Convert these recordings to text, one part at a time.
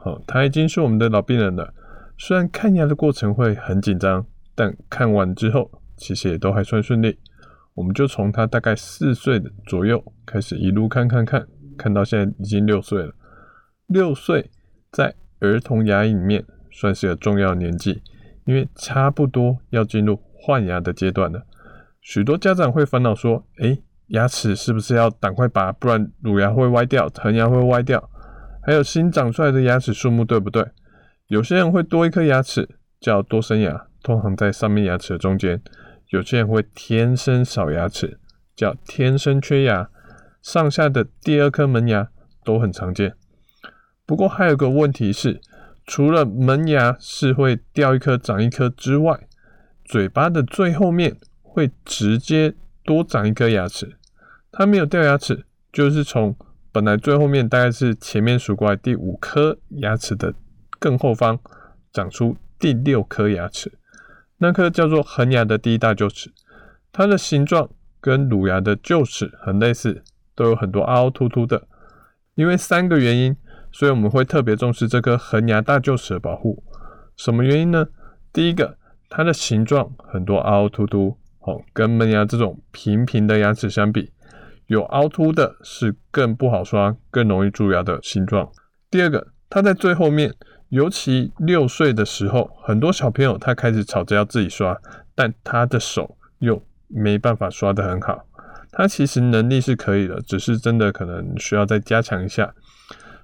好、哦，他已經是我們的老病人了。雖然看牙的過程會很緊張，但看完之後其實也都還算順利。我們就從他大概四歲的左右開始一路看看看，看到現在已經六歲了。六歲在兒童牙裡面算是個重要年紀，因為差不多要進入換牙的階段了。許多家長會煩惱說，哎、欸，牙齒是不是要趕快拔，不然乳牙會歪掉，恆牙會歪掉？還有新長出來的牙齒，數目對不對？有些人會多一顆牙齒，叫多生牙，通常在上面牙齒的中間。有些人會天生少牙齒，叫天生缺牙。上下的第二顆門牙都很常見。不過還有個問題是，除了門牙是會掉一顆長一顆之外，嘴巴的最後面會直接多長一顆牙齒。它沒有掉牙齒，就是從。本來最後面大概是前面數過來第五顆牙齒的更後方長出第六顆牙齒，那顆叫做恆牙的第一大臼齒，它的形狀跟乳牙的臼齒很類似，都有很多凹凸凸的。因為三個原因，所以我們會特別重視這顆恆牙大臼齒的保護。什麼原因呢？第一個，它的形狀很多凹凹凸凸，哦，跟門牙這種平平的牙齒相比。有凹凸的是更不好刷，更容易蛀牙的形狀。第二個，它在最後面，尤其六歲的時候，很多小朋友他開始吵着要自己刷，但他的手又沒辦法刷得很好。他其實能力是可以的，只是真的可能需要再加強一下。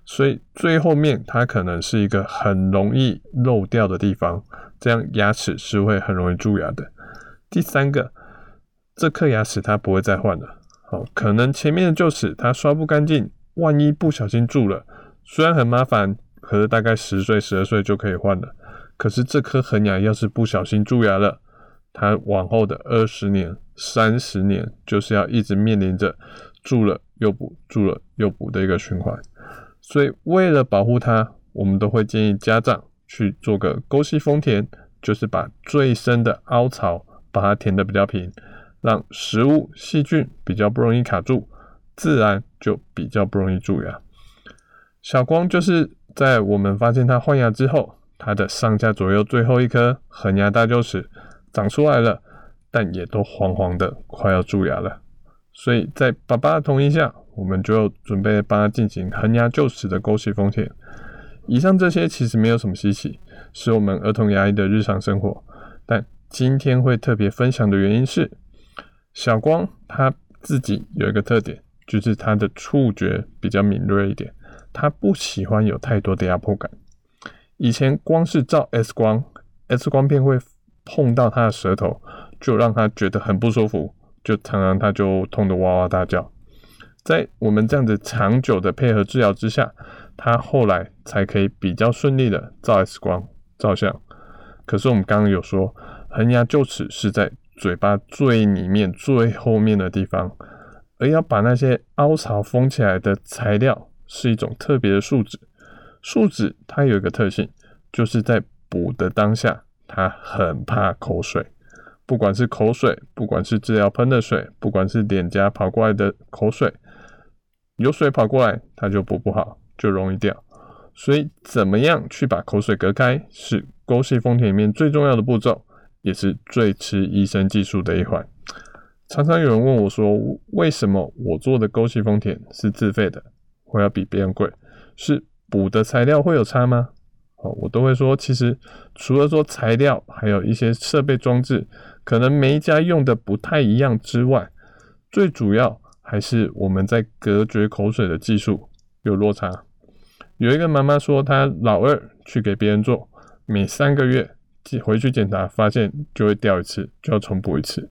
所以最後面它可能是一個很容易漏掉的地方，這樣牙齒是會很容易蛀牙的。第三個，這顆牙齒他不會再換了。哦，可能前面的臼齒它刷不乾淨，萬一不小心蛀了，雖然很麻煩，可是大概十歲、十二歲就可以換了。可是這顆恆牙要是不小心蛀牙了，它往後的二十年、三十年就是要一直面臨着蛀了又補、蛀了又補的一個循環。所以為了保護它，我們都會建議家長去做個溝隙封填，就是把最深的凹槽把它填得比較平。讓食物細菌比較不容易卡住，自然就比較不容易蛀牙。小光就是在我們發現他換牙之後，他的上下左右最後一顆恆牙大臼齒長出來了，但也都黃黃的，快要蛀牙了。所以在爸爸的同意下，我們就準備幫他進行恆牙臼齒的溝隙封填。以上這些其實沒有什麼稀奇，是我們兒童牙醫的日常生活。但今天會特別分享的原因是。小光他自己有一個特點，就是他的觸覺比較敏銳一點。他不喜歡有太多的壓迫感。以前光是照 X 光，X 光片會碰到他的舌頭，就讓他覺得很不舒服，就常常他就痛得哇哇大叫。在我們這樣子長久的配合治療之下，他後來才可以比較順利的照 X 光照相。可是我們剛剛有說，恆牙臼齒是在嘴巴最裡面、最後面的地方，而要把那些凹槽封起來的材料是一種特別的樹脂。樹脂它有一個特性，就是在補的當下，它很怕口水。不管是口水，不管是治療噴的水，不管是臉頰跑過來的口水，有水跑過來，它就補不好，就容易掉。所以，怎麼樣去把口水隔開，是溝隙封填裡面最重要的步驟。也是最吃醫生技術的一環。常常有人問我說，說為什麼我做的溝隙封填是自費的，我要比別人貴？是補的材料會有差嗎？好、哦，我都會說，其實除了說材料，還有一些設備裝置，可能每一家用的不太一樣之外，最主要還是我們在隔絕口水的技術有落差。有一個媽媽說，她老二去給別人做，每三個月。去回去檢查，發現就會掉一次，就要重補一次。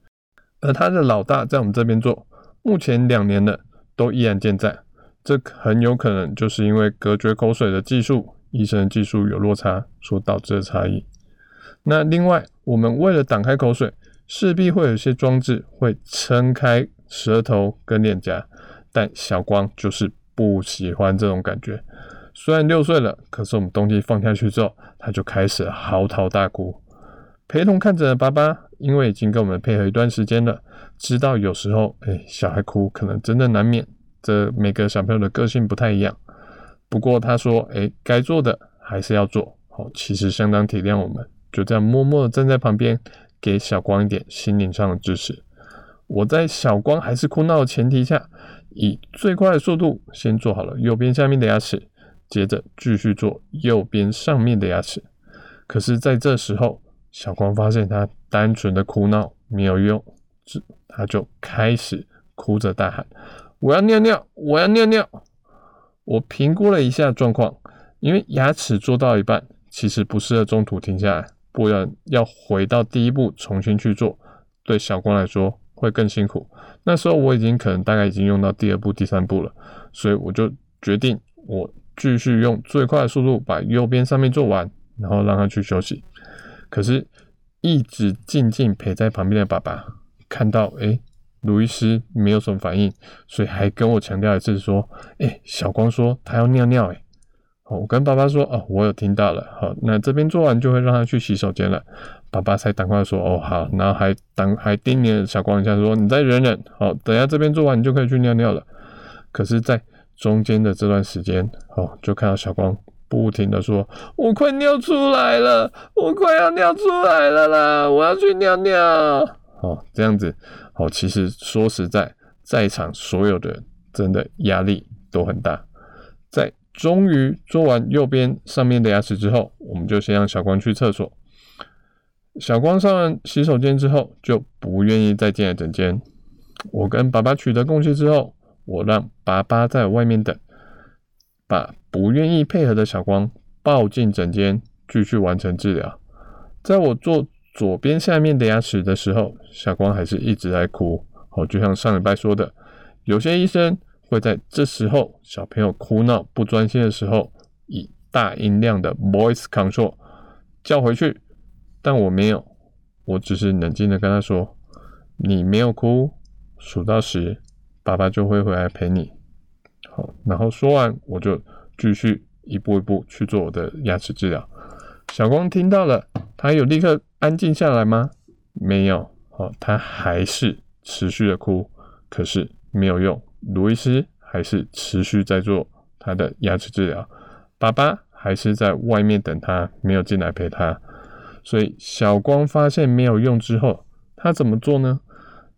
而他的老大在我們這邊做，目前兩年了，都依然健在。這很有可能就是因為隔絕口水的技術，醫生的技術有落差所導致的差異。那另外，我們為了擋開口水，勢必會有些裝置會撐開舌頭跟臉頰，但小光就是不喜歡這種感覺。雖然六歲了，可是我們東西放下去之後，他就開始嚎啕大哭。陪同看診的爸爸，因為已經跟我們配合一段時間了，知道有時候，哎、欸，小孩哭可能真的難免。這每個小朋友的個性不太一樣。不過他說，哎、欸，該做的還是要做。好、哦，其實相當體諒我們，就這樣默默的站在旁邊，給小光一點心靈上的支持。我在小光還是哭鬧的前提下，以最快的速度先做好了右邊下面的牙齒。接着繼續做右邊上面的牙齒，可是在這時候，小光發現他單純的哭鬧沒有用，他就開始哭着大喊：“我要尿尿，我要尿尿！”我評估了一下狀況，因為牙齒做到一半，其實不適合中途停下來，不然要回到第一步重新去做，對小光來說會更辛苦。那時候我已經可能大概已經用到第二步、第三步了，所以我就決定我。繼續用最快的速度把右邊上面做完，然後讓他去休息。可是，一直靜靜陪在旁邊的爸爸看到，哎、欸，盧醫師沒有什麼反應，所以還跟我強調一次說，哎、欸，小光說他要尿尿，哎，好，我跟爸爸說，哦，我有聽到了，好，那這邊做完就會讓他去洗手間了。爸爸才趕快說，哦，好，然後還當還叮嚀小光一下說，你再忍忍，好，等下這邊做完你就可以去尿尿了。可是，在中間的這段時間，哦，就看到小光不停的說：“我快尿出來了，我快要尿出來了啦，我要去尿尿。”哦，這樣子，哦，其實說實在，在場所有的人真的壓力都很大。在終於做完右邊上面的牙齒之後，我們就先讓小光去廁所。小光上完洗手間之後，就不願意再進來診間。我跟爸爸取得共識之後，我讓爸爸在外面等，把不願意配合的小光抱進診間，繼續完成治療。在我做左邊下面的牙齒的時候，小光還是一直在哭。好，就像上禮拜說的，有些醫生會在這時候小朋友哭鬧不專心的時候，以大音量的 voice control 叫回去。但我沒有，我只是冷靜的跟他說：“你沒有哭，數到十。”爸爸就會回來陪你。好，然後說完，我就繼續一步一步去做我的牙齒治療。小光聽到了，他有立刻安靜下來嗎？沒有。好、哦，他還是持續的哭，可是沒有用。盧醫師還是持續在做他的牙齒治療，爸爸還是在外面等他，沒有進來陪他。所以小光發現沒有用之後，他怎麼做呢？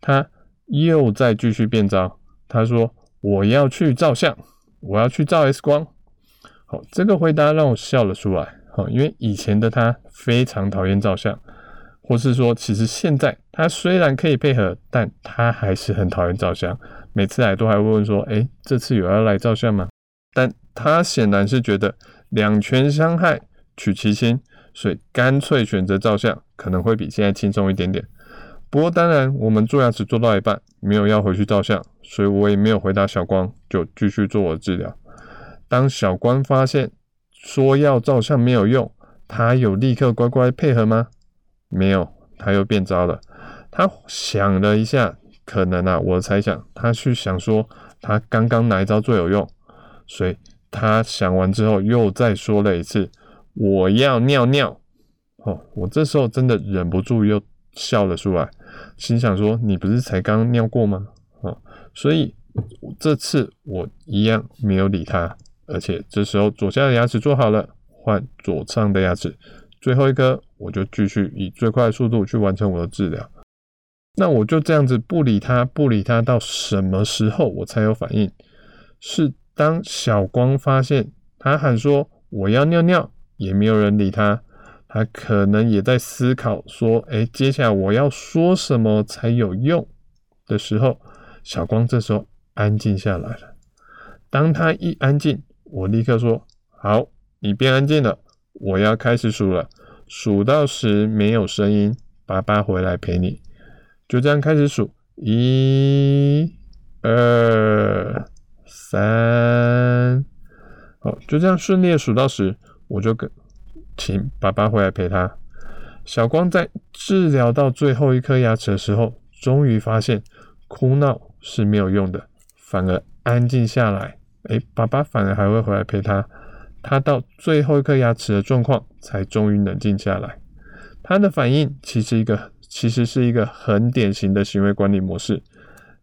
他。又在繼續變招，他說：“我要去照相，我要去照 X 光。”好，這個回答讓我笑了出來。好，因為以前的他非常討厭照相，或是說，其實現在他雖然可以配合，但他還是很討厭照相。每次來都還問問說：“哎、欸，這次有要來照相嗎？”但他顯然是覺得兩權相害取其輕，所以乾脆選擇照相，可能會比現在輕鬆一點點。不過當然，我們做牙齒做到一半，沒有要回去照相，所以我也沒有回答小光，就繼續做我的治療。當小光發現說要照相沒有用，他有立刻乖乖配合嗎？沒有，他又變招了。他想了一下，可能啊，我猜想他是想說他剛剛哪一招最有用，所以他想完之後又再說了一次：“我要尿尿。”哦，我這時候真的忍不住又笑了出來。心想說：“你不是才剛尿過嗎？啊、哦，所以這次我一樣沒有理他。而且這時候左下的牙齒做好了，換左上的牙齒，最後一顆，我就繼續以最快的速度去完成我的治療。那我就這樣子不理他，不理他到什麼時候我才有反應？是當小光發現他喊說我要尿尿，也沒有人理他。”他可能也在思考說：“哎、欸，接下來我要說什麼才有用？”的時候，小光這時候安靜下來了。當他一安靜，我立刻說：“好，你變安靜了，我要開始數了，數到十沒有聲音，爸爸回來陪你。”就這樣開始數：一、二、三……好，就這樣順利的數到十，我就跟。請爸爸回來陪他。小光在治療到最後一顆牙齒的時候，終於發現哭鬧是沒有用的，反而安靜下來。哎、欸，爸爸反而還會回來陪他。他到最後一顆牙齒的狀況，才終於冷靜下來。他的反應其實一個，其實是一個很典型的行為管理模式。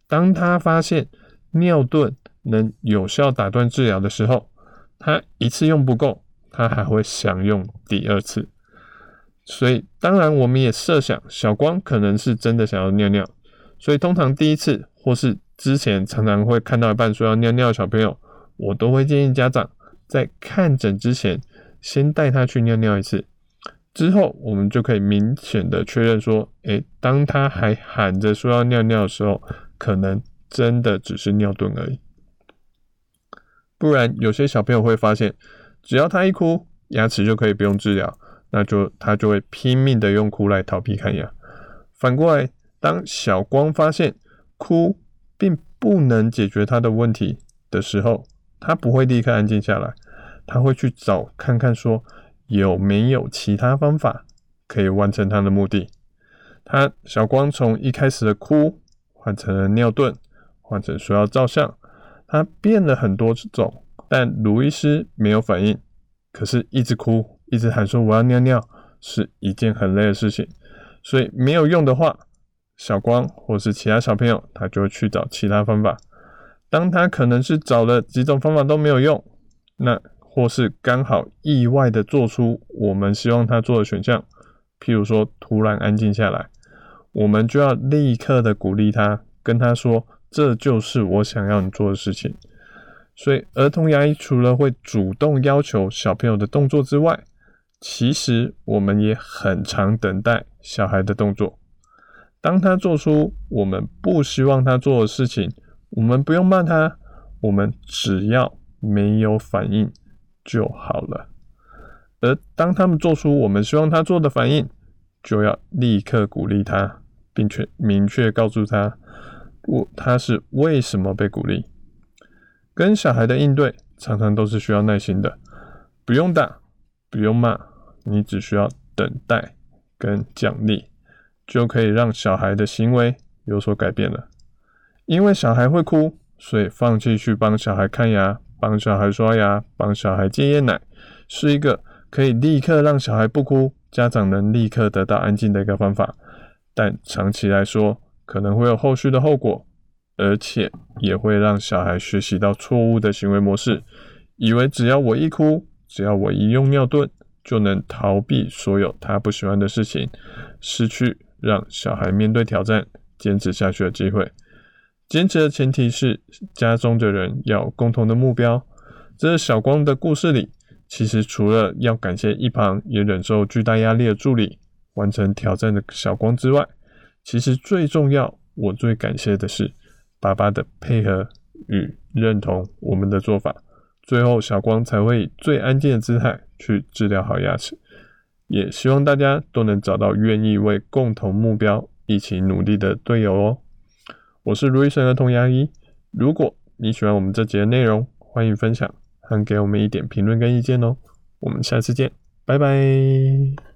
當他發現尿遁能有效打斷治療的時候，他一次用不夠。他還會想用第二次，所以當然我們也設想小光可能是真的想要尿尿，所以通常第一次或是之前常常會看到一半說要尿尿的小朋友，我都會建議家長在看診之前先帶他去尿尿一次，之後我們就可以明顯的確認說，哎，當他還喊着說要尿尿的時候，可能真的只是尿遁而已，不然有些小朋友會發現。只要他一哭，牙齒就可以不用治療，那就他就會拼命的用哭來逃避看牙。反過來，當小光發現哭並不能解決他的問題的時候，他不會立刻安靜下來，他會去找看看說有沒有其他方法可以完成他的目的。他，小光從一開始的哭，換成了尿遁，換成說要照相，他變了很多種。但盧醫師沒有反應，可是一直哭，一直喊說我要尿尿，是一件很累的事情。所以沒有用的話，小光或是其他小朋友，他就會去找其他方法。當他可能是找了幾種方法都沒有用，那或是剛好意外的做出我們希望他做的選項，譬如說突然安靜下來，我們就要立刻的鼓勵他，跟他說這就是我想要你做的事情。所以，兒童牙醫除了會主動要求小朋友的動作之外，其實我們也很常等待小孩的動作。當他做出我們不希望他做的事情，我們不用罵他，我們只要沒有反應就好了。而當他們做出我們希望他做的反應，就要立刻鼓勵他，並且明確告訴他，我他是為什麼被鼓勵。跟小孩的應對常常都是需要耐心的，不用打，不用罵，你只需要等待跟獎勵，就可以讓小孩的行為有所改變了。因為小孩會哭，所以放棄去幫小孩看牙、幫小孩刷牙、幫小孩戒夜奶，是一個可以立刻讓小孩不哭，家長能立刻得到安靜的一個方法。但長期來說，可能會有後續的後果。而且也會讓小孩學習到錯誤的行為模式，以為只要我一哭，只要我一用尿遁，就能逃避所有他不喜歡的事情，失去讓小孩面對挑戰、堅持下去的機會。堅持的前提是家中的人要有共同的目標。這是小光的故事裡，其實除了要感謝一旁也忍受巨大壓力的助理，完成挑戰的小光之外，其實最重要，我最感謝的是。爸爸的配合與認同我們的做法，最後小光才會以最安靜的姿態去治療好牙齒。也希望大家都能找到願意為共同目標一起努力的隊友哦。我是盧醫生兒童牙醫。如果你喜歡我們這集的內容，歡迎分享，還給我們一點評論跟意見哦。我們下次見，拜拜。